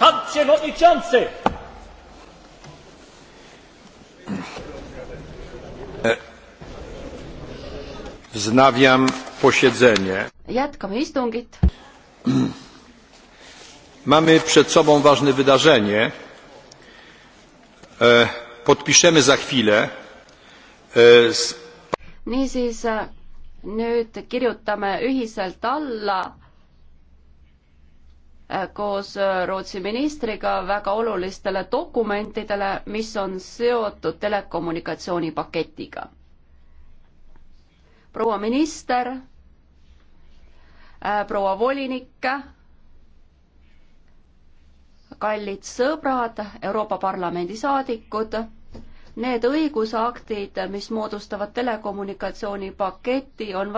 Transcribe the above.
Pan przewodniczący! E, wznawiam posiedzenie. Jätkame istungit. Mamy przed sobą ważne wydarzenie. E, podpiszemy za chwilę. E, Niisiis nüüd kirjutame ühiselt alla Äh, koos äh, Rootsi ministriga väga olulistele dokumentidele, mis on seotud telekommunikatsioonipaketiga. proua minister, äh, proua volinik, kallid sõbrad, Euroopa Parlamendi saadikud need õigusaktid, mis moodustavad telekommunikatsioonipaketi, on